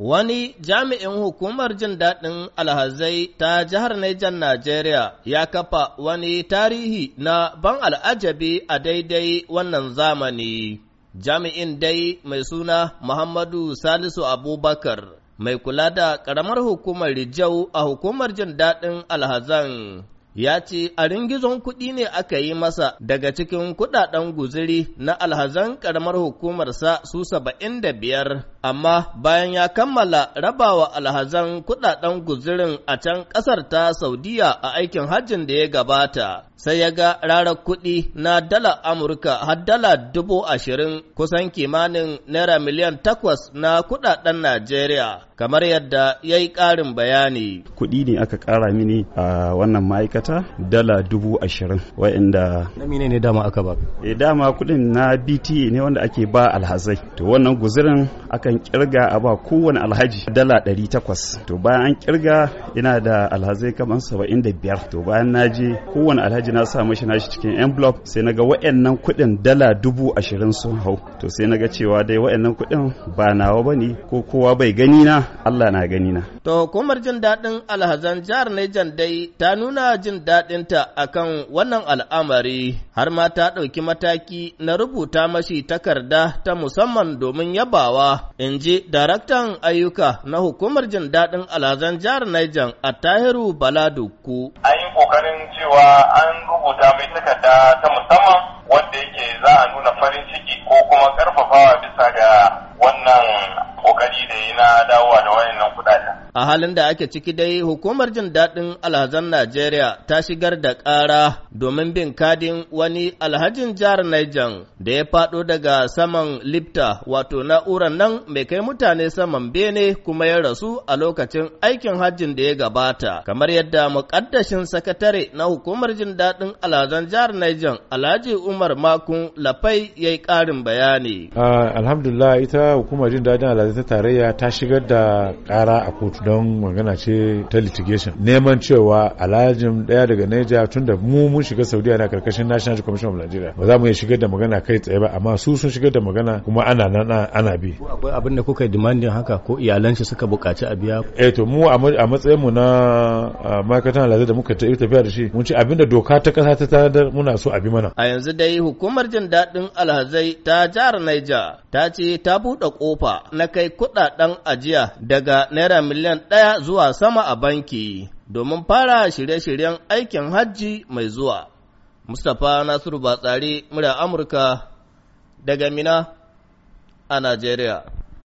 Wani jami'in hukumar jin daɗin alhazai ta jihar Nijar Najeriya ya kafa wani tarihi na ban al'ajabi a daidai wannan zamani. Jami'in dai mai suna Muhammadu Salisu Abubakar mai kula da ƙaramar hukumar Rijau a hukumar jin daɗin alhazan ya ce a ringizon kuɗi ne aka yi masa daga cikin kuɗaɗen guziri na alhazan ƙaramar hukumarsa su saba'in da biyar, amma bayan ya kammala rabawa alhazan kuɗaɗen guzirin a can ƙasar ta Saudiya a aikin hajjin da ya gabata, sai ya ga rarar kuɗi na dala Amurka har dala dubu ashirin kusan kimanin naira miliyan takwas na kuɗaɗen Najeriya. kamar yadda ya yi ƙarin bayani. Kuɗi ne aka ƙara mini a wannan ma'aikata dala dubu ashirin wa'inda. Na mine ne dama aka ba? Eh, dama kuɗin na BTA ne wanda ake ba alhazai. To wannan guzirin akan kirga a ba kowane alhaji dala 800 to bayan an kirga ina da alhazai kamar biyar, to bayan na je kowane alhaji na sa mashi nashi cikin envelope sai na ga wayannan kuɗin dala dubu ashirin sun hau to sai na ga cewa dai wayannan kuɗin ba nawa ba ne, ko kowa bai gani na Allah na gani na to komar jin daɗin alhazan jihar Niger dai ta nuna jin daɗinta akan wannan al'amari har ma ta ɗauki mataki na rubuta mashi takarda ta musamman domin yabawa in ji daraktan ayyuka na hukumar jin daɗin alhazan jihar Niger a Tahiru Baladuku. An yi ƙoƙarin cewa an rubuta mai takarda ta musamman wanda yake za a nuna farin ciki ko kuma ƙarfa A halin da ake ciki dai hukumar jin daɗin alhazan Najeriya ta shigar da ƙara domin bin kadin wani alhajin jihar Niger da ya faɗo daga saman lifta wato na'urar nan mai kai mutane saman bene kuma ya rasu a lokacin aikin hajjin da ya gabata. Kamar yadda muƙaddashin sakatare na hukumar jin daɗin alhazan jihar Niger Alhaji Umar Makun Lafai ya yi ƙarin bayani. Ah, alhamdulillah ita hukumar jin daɗin alhazan tarayya ta shigar da ƙara a kotu. don magana ce ta litigation neman cewa alhajin daya daga neja tun da mu mun shiga Saudiya na karkashin National Commission of Nigeria ba za mu iya shigar da magana kai tsaye ba amma su sun shigar da magana kuma ana nan ana bi akwai abin da kuka demanding haka ko iyalan shi suka bukaci a biya eh to mu a matsayin mu na ma'aikatan alhazai da muka tafiya da shi mun ce abin da doka ta kasa ta tanadar muna so a bi mana a yanzu dai hukumar jin daɗin alhazai ta jihar Niger ta ce ta buɗe kofa na kai kuɗaɗen ajiya daga naira miliyan miliyan ɗaya zuwa sama a banki domin fara shirye-shiryen aikin hajji mai zuwa. Mustapha Nasiru Batsari, murya Amurka daga Mina a Najeriya.